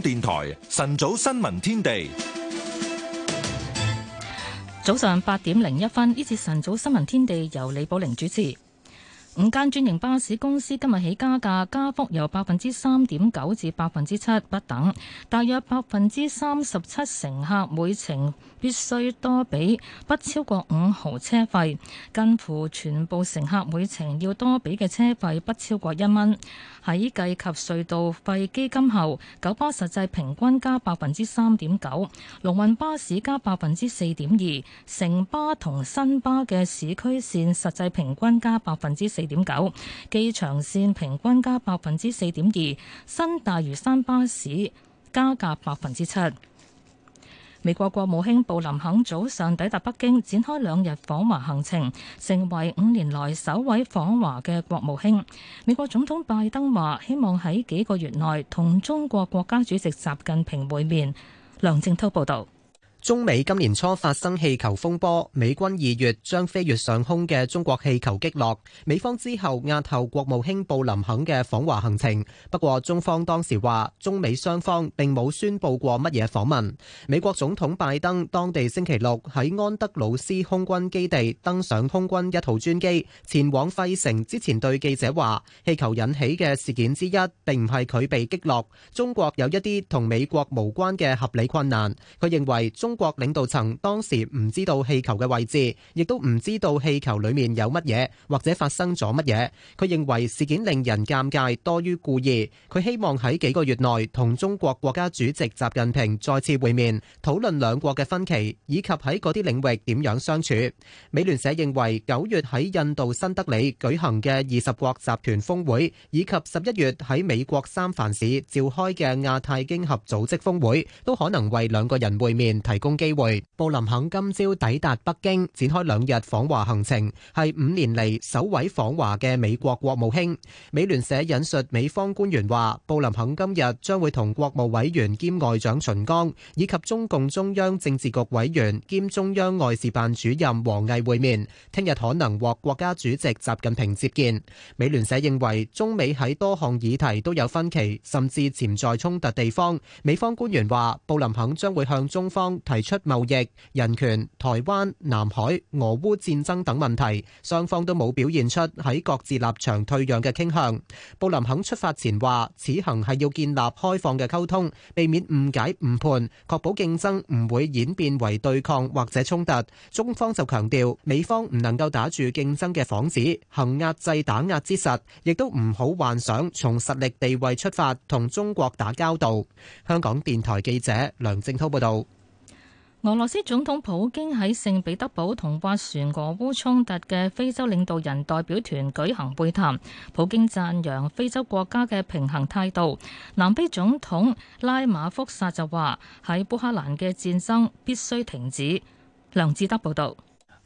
電台晨早新聞天地，早上八點零一分，呢次晨早新聞天地由李寶玲主持。五間專營巴士公司今日起加價，加幅由百分之三點九至百分之七不等。大約百分之三十七乘客每程必須多俾，不超過五毫車費。近乎全部乘客每程要多俾嘅車費不超過一蚊。喺計及隧道費基金後，九巴實際平均加百分之三點九，龍運巴士加百分之四點二，城巴同新巴嘅市區線實際平均加百分之四點九，機場線平均加百分之四點二，新大嶼山巴士加價百分之七。美國國務卿布林肯早上抵達北京，展開兩日訪華行程，成為五年來首位訪華嘅國務卿。美國總統拜登話，希望喺幾個月內同中國國家主席習近平會面。梁正濤報道。中美今年初發生氣球風波，美軍二月將飛越上空嘅中國氣球擊落，美方之後押後國務卿布林肯嘅訪華行程。不過中方當時話中美雙方並冇宣布過乜嘢訪問。美國總統拜登當地星期六喺安德魯斯空軍基地登上空軍一號專機前往費城之前對記者話，氣球引起嘅事件之一並唔係佢被擊落，中國有一啲同美國無關嘅合理困難，佢認為中。國領導層當時唔知道氣球嘅位置，亦都唔知道氣球裏面有乜嘢或者發生咗乜嘢。佢認為事件令人尷尬多於故意。佢希望喺幾個月內同中國國家主席習近平再次會面，討論兩國嘅分歧以及喺嗰啲領域點樣相處。美聯社認為九月喺印度新德里舉行嘅二十國集團峰會，以及十一月喺美國三藩市召開嘅亞太經合組織峰會，都可能為兩個人會面提。提供機會。布林肯今朝抵達北京，展開兩日訪華行程，係五年嚟首位訪華嘅美國國務卿。美聯社引述美方官員話：布林肯今日將會同國務委員兼外長秦剛，以及中共中央政治局委員兼中央外事辦主任王毅會面，聽日可能獲國家主席習近平接見。美聯社認為，中美喺多項議題都有分歧，甚至潛在衝突地方。美方官員話：布林肯將會向中方。提出貿易、人權、台灣、南海、俄烏戰爭等問題，雙方都冇表現出喺各自立場退讓嘅傾向。布林肯出發前話此行係要建立開放嘅溝通，避免誤解誤判，確保競爭唔會演變為對抗或者衝突。中方就強調美方唔能夠打住競爭嘅幌子行壓制打壓之實，亦都唔好幻想從實力地位出發同中國打交道。香港電台記者梁正濤報道。俄羅斯總統普京喺聖彼得堡同斡旋俄烏衝突嘅非洲領導人代表團舉行會談，普京讚揚非洲國家嘅平衡態度。南非總統拉馬福薩就話喺烏克蘭嘅戰爭必須停止。梁志德報道。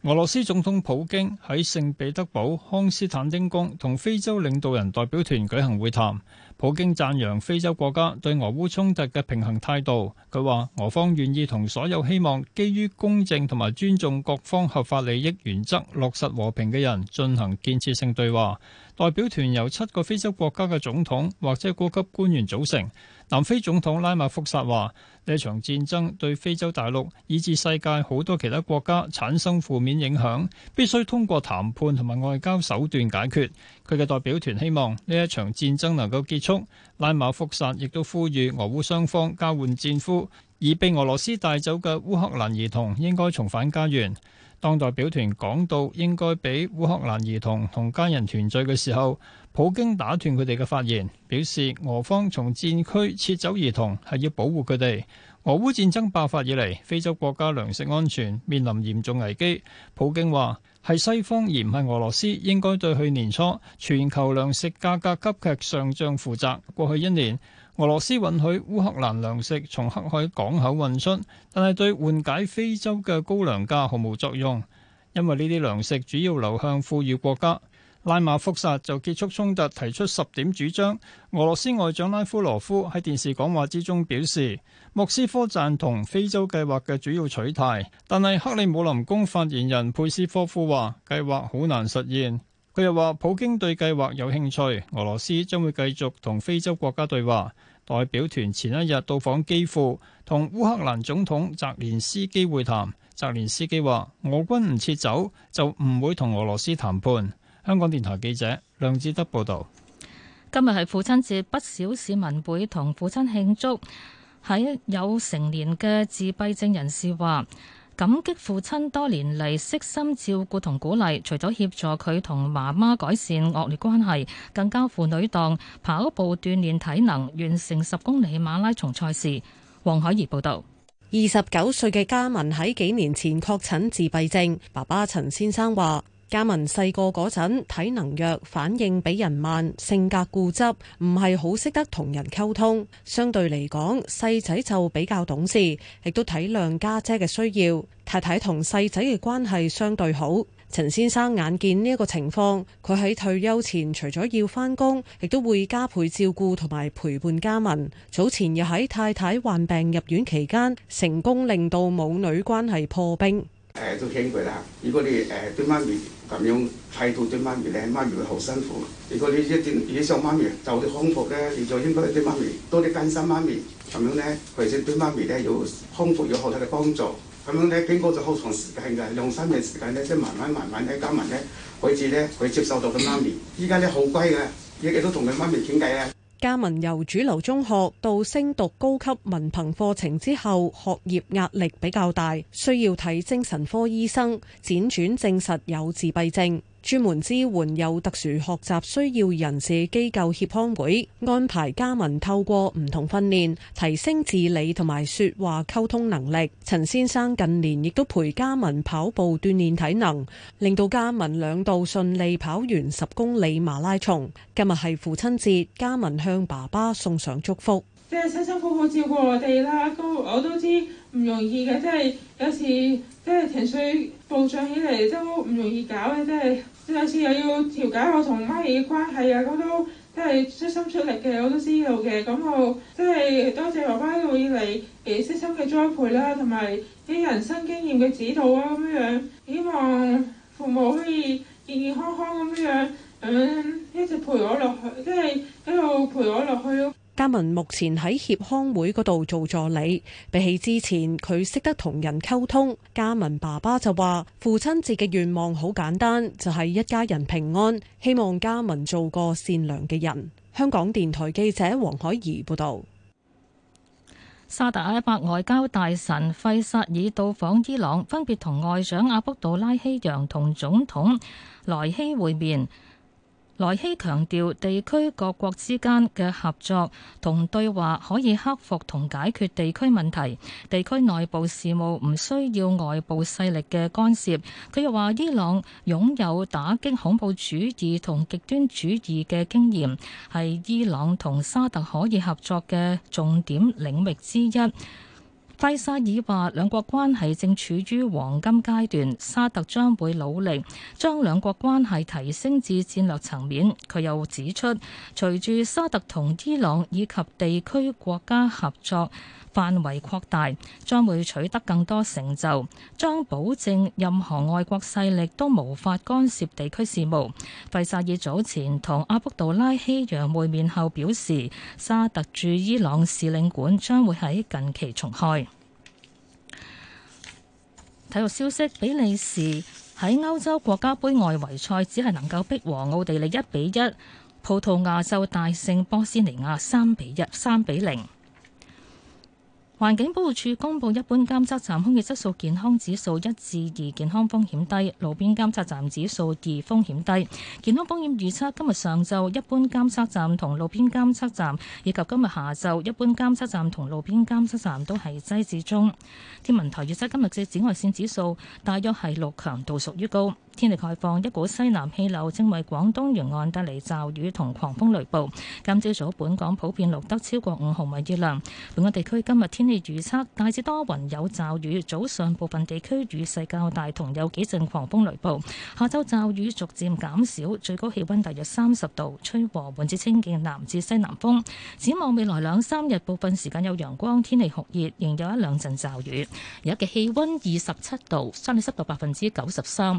俄羅斯總統普京喺聖彼得堡康斯坦丁宮同非洲領導人代表團舉行會談。普京讚揚非洲國家對俄烏衝突嘅平衡態度。佢話俄方願意同所有希望基於公正同埋尊重各方合法利益原則落實和平嘅人進行建設性對話。代表團由七個非洲國家嘅總統或者高級官員組成。南非總統拉馬福薩話：呢場戰爭對非洲大陸以至世界好多其他國家產生負面影響，必須通過談判同埋外交手段解決。佢嘅代表團希望呢一場戰爭能夠結束。拉馬福薩亦都呼籲俄烏雙方交換戰俘，而被俄羅斯帶走嘅烏克蘭兒童應該重返家園。當代表團講到應該俾烏克蘭兒童同家人團聚嘅時候，普京打斷佢哋嘅發言，表示俄方從戰區撤走兒童係要保護佢哋。俄烏戰爭爆發以嚟，非洲國家糧食安全面臨嚴重危機，普京話，係西方而唔係俄羅斯應該對去年初全球糧食價格急劇上漲負責，過去一年，俄羅斯允許烏克蘭糧食從黑海港口運出，但係對緩解非洲嘅高糧價毫無作用，因為呢啲糧食主要流向富裕國家。拉馬福薩就結束衝突，提出十點主張。俄羅斯外長拉夫羅夫喺電視講話之中表示，莫斯科贊同非洲計劃嘅主要取態，但係克里姆林宮發言人佩斯科夫話計劃好難實現。佢又話普京對計劃有興趣，俄羅斯將會繼續同非洲國家對話。代表團前一日到訪基輔，同烏克蘭總統澤連斯基會談。澤連斯基話俄軍唔撤走就唔會同俄羅斯談判。香港電台記者梁志德報道，今日係父親節，不少市民會同父親慶祝。喺有成年嘅自閉症人士話，感激父親多年嚟悉心照顧同鼓勵，除咗協助佢同媽媽改善惡劣關係，更加父女檔跑步鍛煉體能，完成十公里馬拉松賽事。黃海怡報道，二十九歲嘅嘉文喺幾年前確診自閉症，爸爸陳先生話。家文細個嗰陣體能弱，反應比人慢，性格固執，唔係好識得同人溝通。相對嚟講，細仔就比較懂事，亦都體諒家姐嘅需要。太太同細仔嘅關係相對好。陳先生眼見呢一個情況，佢喺退休前除咗要返工，亦都會加倍照顧同埋陪伴家文。早前又喺太太患病入院期間，成功令到母女關係破冰。誒，都輕佢啦。如果你誒、呃、對媽咪咁樣態度，對媽咪呢？媽咪會好辛苦。如果你一啲，而且想媽咪早啲康復呢？你就應該對媽咪多啲關心媽咪，咁樣呢？或者對媽咪呢，有康復有好大嘅幫助。咁樣呢，經過咗好長時間嘅兩三年時間呢，即慢慢慢慢喺加文呢，開始咧，佢接受到咁媽咪。依家呢，好乖嘅，啊，日日都同佢媽咪傾偈啊。加文由主流中學到升讀高級文憑課程之後，學業壓力比較大，需要睇精神科醫生，輾轉證實有自閉症。專門支援有特殊學習需要人士機構協康會安排嘉文透過唔同訓練提升自理同埋説話溝通能力。陳先生近年亦都陪嘉文跑步鍛鍊體能，令到嘉文兩度順利跑完十公里馬拉松。今日係父親節，嘉文向爸爸送上祝福。即係辛辛苦苦照顧我哋啦，咁我都知唔容易嘅，即係有時即係情緒暴漲起嚟都唔容易搞嘅，即係。有次又要調解我同媽咪嘅關係啊，我都真係出心出力嘅，我都知道嘅。咁我真係多謝爸爸、啊、一路以嚟嘅悉心嘅栽培啦，同埋啲人生經驗嘅指導啊咁樣。希望父母可以健健康康咁樣、嗯，一直陪我落去，即係一路陪我落去、啊。嘉文目前喺協康會嗰度做助理，比起之前佢識得同人溝通。嘉文爸爸就話，父親節嘅願望好簡單，就係一家人平安，希望嘉文做個善良嘅人。香港電台記者黃海怡報道。沙特阿拉伯外交大臣費薩爾到訪伊朗，分別同外長阿卜杜拉希揚同總統萊希會面。萊希強調，地區各國之間嘅合作同對話可以克服同解決地區問題，地區內部事務唔需要外部勢力嘅干涉。佢又話，伊朗擁有打擊恐怖主義同極端主義嘅經驗，係伊朗同沙特可以合作嘅重點領域之一。費沙爾話：兩國關係正處於黃金階段，沙特將會努力將兩國關係提升至戰略層面。佢又指出，隨住沙特同伊朗以及地區國家合作。範圍擴大，將會取得更多成就，將保證任何外國勢力都無法干涉地區事務。費薩爾早前同阿卜杜拉希揚會面後表示，沙特駐伊朗使領館將會喺近期重開。體育消息：比利時喺歐洲國家杯外圍賽只係能夠逼和奧地利一比一，葡萄牙就大勝波斯尼亞三比一、三比零。環境保護署公布一般監測站空氣質素健康指數一至二，健康風險低；路邊監測站指數二，風險低。健康風險預測今日上晝一般監測站同路邊監測站，以及今日下晝一般監測站同路邊監測站都係低至中。天文台預測今日嘅紫外線指數大約係六，強度屬於高。天氣開放，一股西南氣流正為廣東沿岸帶嚟驟雨同狂風雷暴。今朝早本港普遍錄得超過五毫米雨量。本港地區今日天氣預測大致多雲有驟雨，早上部分地區雨勢較大，同有幾陣狂風雷暴。下晝驟雨逐漸減少，最高氣温大約三十度，吹和緩至清勁南至西南風。展望未來兩三日，部分時間有陽光，天氣酷熱，仍有一兩陣驟雨。而家嘅氣温二十七度，相對濕度百分之九十三。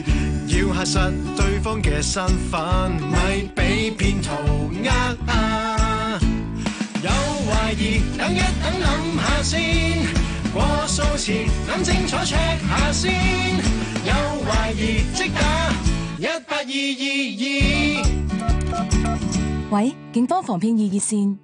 要核實對方嘅身份，咪俾騙徒呃啊！有懷疑，等一等諗下先，過數前諗清楚 check 下先，有懷疑即打一八二二二。喂，警方防騙易熱線。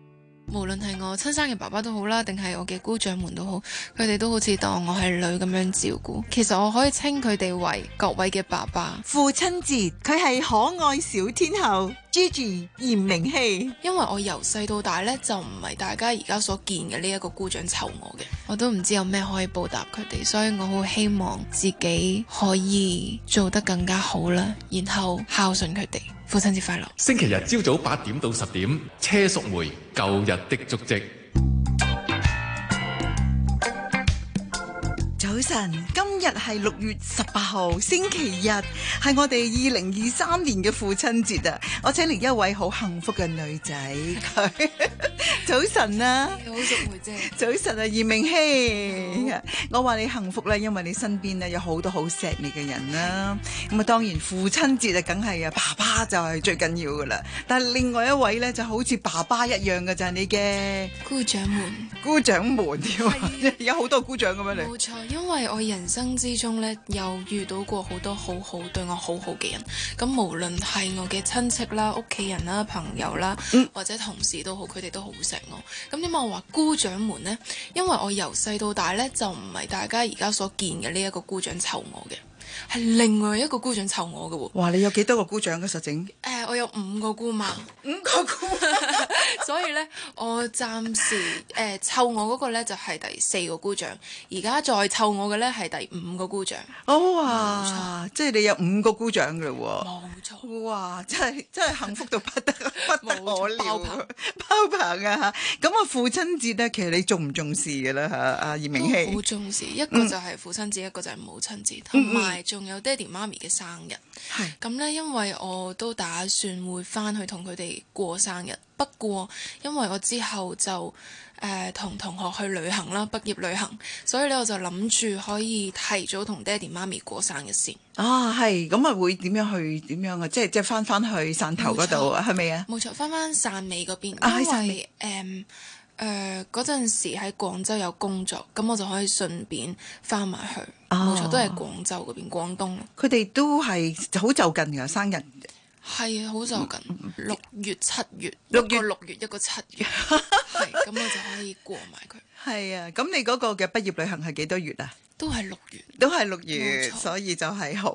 無論係我親生嘅爸爸都好啦，定係我嘅姑丈們都好，佢哋都好似當我係女咁樣照顧。其實我可以稱佢哋為各位嘅爸爸。父親節，佢係可愛小天后 Gigi 炎明熹。因為我由細到大咧就唔係大家而家所見嘅呢一個姑丈湊我嘅，我都唔知有咩可以報答佢哋，所以我好希望自己可以做得更加好啦，然後孝順佢哋。父親節快樂！星期日朝早八點到十點，車淑梅《舊日的足跡》。晨，今日係六月十八號，星期日係我哋二零二三年嘅父親節啊！我請嚟一位好幸福嘅女仔，佢 早晨啊，啊早晨啊，葉明熙，早我話你幸福啦，因為你身邊咧有好多好錫你嘅人啦。咁啊的，當然父親節啊，梗係啊，爸爸就係最緊要噶啦。但係另外一位咧，就好似爸爸一樣嘅咋，你嘅姑掌門，姑掌門，嗯、的 有好多姑丈咁樣嚟，冇錯，因為。係我人生之中咧，又遇到過好多好好對我好好嘅人，咁無論係我嘅親戚啦、屋企人啦、朋友啦，嗯、或者同事都好，佢哋都好錫我。咁點解我話姑丈們呢？因為我由細到大咧，就唔係大家而家所見嘅呢一個姑丈湊我嘅，係另外一個姑丈湊我嘅。哇！你有幾多個姑丈嘅實情？有五個姑媽，五個姑媽，所以咧，我暫時誒湊、呃、我嗰個咧就係第四個姑丈，而家再湊我嘅咧係第五個姑丈。哦哇，冇錯，即係你有五個姑丈噶咯喎？冇錯錯，哇，真係真係幸福到不得不 得我了，包棒啊吓！咁啊，父親節咧，其實你重唔重視嘅啦吓？阿、啊、葉明熙，好重視、嗯、一個就係父親節，一個就係母親節，同埋仲有爹哋媽咪嘅生日。係咁咧，因為我都打算。會翻去同佢哋過生日，不過因為我之後就誒同、呃、同學去旅行啦，畢業旅行，所以咧我就諗住可以提早同爹哋媽咪過生日先。啊，係咁啊，會點樣去點樣啊？即係即係翻翻去汕頭嗰度係咪啊？冇錯，翻翻汕尾嗰邊，因為啊，係汕尾，誒誒嗰陣時喺廣州有工作，咁我就可以順便翻埋去。冇錯、啊，都係廣州嗰邊，廣東。佢哋都係好就近嘅生日。係啊，好就近，六月七月，六月，六月一個七月，係咁 我就可以過埋佢。係啊，咁你嗰個嘅畢業旅行係幾多月啊？都係六月，都係六月，月錯所以就係好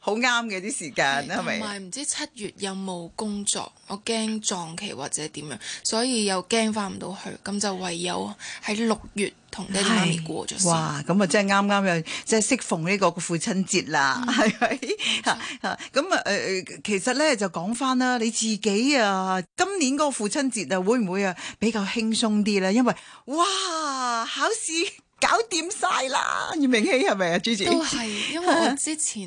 好啱嘅啲時間係咪？同埋唔知七月有冇工作，我驚撞期或者點樣，所以又驚翻唔到去，咁就唯有喺六月同爹哋媽咪過咗是。哇！咁啊、嗯，即係啱啱又即係適逢呢個父親節啦，係咪、嗯？吓吓，咁啊誒，其實咧就講翻啦，你自己啊，今年嗰個父親節啊，會唔會啊比較輕鬆啲咧？因為哇～啊！考試搞掂晒啦，葉明希係咪啊？Gigi 都係，因為我之前。